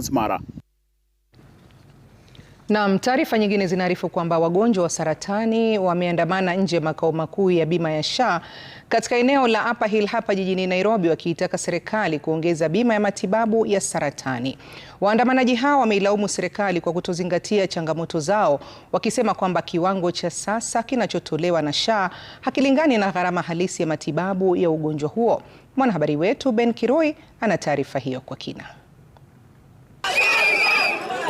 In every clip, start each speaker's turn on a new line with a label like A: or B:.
A: Asmara. Naam, taarifa nyingine zinaarifu kwamba wagonjwa wa saratani wameandamana nje ya makao makuu ya bima ya SHA katika eneo la Upper Hill hapa jijini Nairobi wakiitaka serikali kuongeza bima ya matibabu ya saratani. Waandamanaji hao wameilaumu serikali kwa kutozingatia changamoto zao wakisema kwamba kiwango cha sasa kinachotolewa na SHA hakilingani na gharama halisi ya matibabu ya ugonjwa huo. Mwanahabari wetu Ben Kiroi ana taarifa hiyo kwa kina.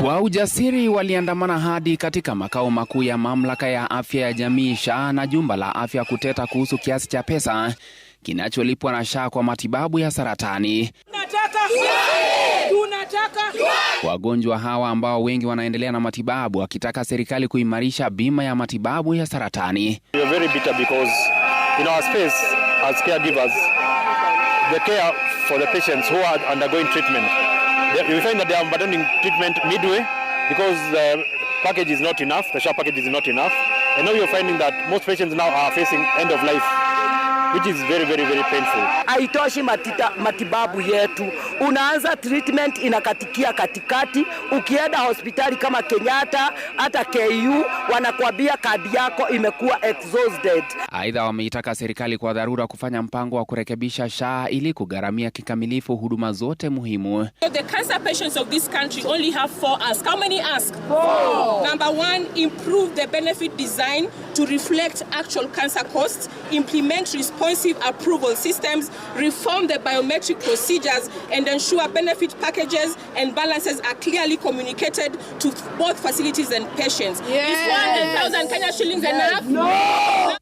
B: Kwa ujasiri waliandamana hadi katika makao makuu ya mamlaka ya afya ya jamii SHA na jumba la afya kuteta kuhusu kiasi cha pesa kinacholipwa na SHA kwa matibabu ya saratani. Wagonjwa hawa ambao wengi wanaendelea na matibabu wakitaka serikali kuimarisha bima ya matibabu ya saratani.
C: They, we find that they are abandoning treatment midway because the uh, package is not enough, the shower package is not enough. And now you're finding that most patients now are facing end of life which is very very very painful.
D: Haitoshi matita, matibabu yetu, unaanza treatment inakatikia katikati. Ukienda hospitali kama Kenyatta hata KU wanakuambia kadi yako imekuwa exhausted.
B: Aidha, wameitaka serikali kwa dharura kufanya mpango wa kurekebisha SHA ili kugharamia kikamilifu huduma zote muhimu.
E: So the cancer patients of this country only have four ask. How many ask?
F: Four.
E: Number one, improve the benefit design to reflect actual cancer costs, implement responsive approval systems, reform the biometric procedures, and ensure benefit packages and balances are clearly communicated to both facilities and patients. Yes. Is 100,000 Kenya shillings yes. enough?
F: No.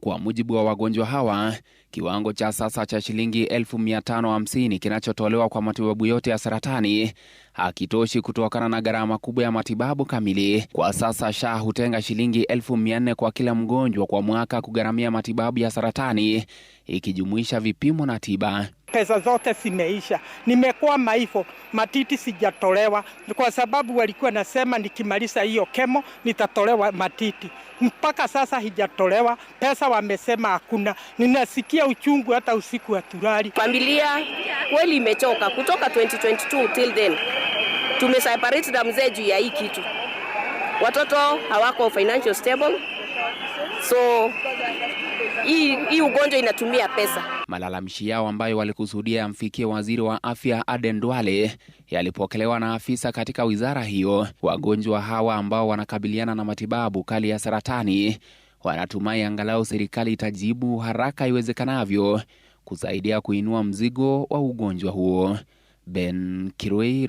B: Kwa mujibu wa wagonjwa hawa, kiwango cha sasa cha shilingi 1550 kinachotolewa kwa matibabu yote ya saratani hakitoshi kutokana na gharama kubwa ya matibabu kamili. Kwa sasa SHA hutenga shilingi 1400 kwa kila mgonjwa kwa mwaka kugharamia matibabu ya saratani ikijumuisha vipimo na tiba.
G: Pesa zote zimeisha, nimekuwa maifo, matiti sijatolewa kwa sababu walikuwa nasema nikimaliza hiyo kemo nitatolewa matiti. Mpaka sasa hijatolewa, pesa wamesema hakuna. Ninasikia uchungu hata usiku wa turali.
H: Familia kweli imechoka kutoka 2022 till then, tumeseparate na mzee juu ya hii kitu, watoto hawako financial stable so hii, hii ugonjwa inatumia pesa.
B: Malalamishi yao ambayo walikusudia yamfikie waziri wa afya Aden Duale yalipokelewa na afisa katika wizara hiyo. Wagonjwa hawa ambao wanakabiliana na matibabu kali ya saratani wanatumai angalau serikali itajibu haraka iwezekanavyo kusaidia kuinua mzigo wa ugonjwa huo. Ben Kirui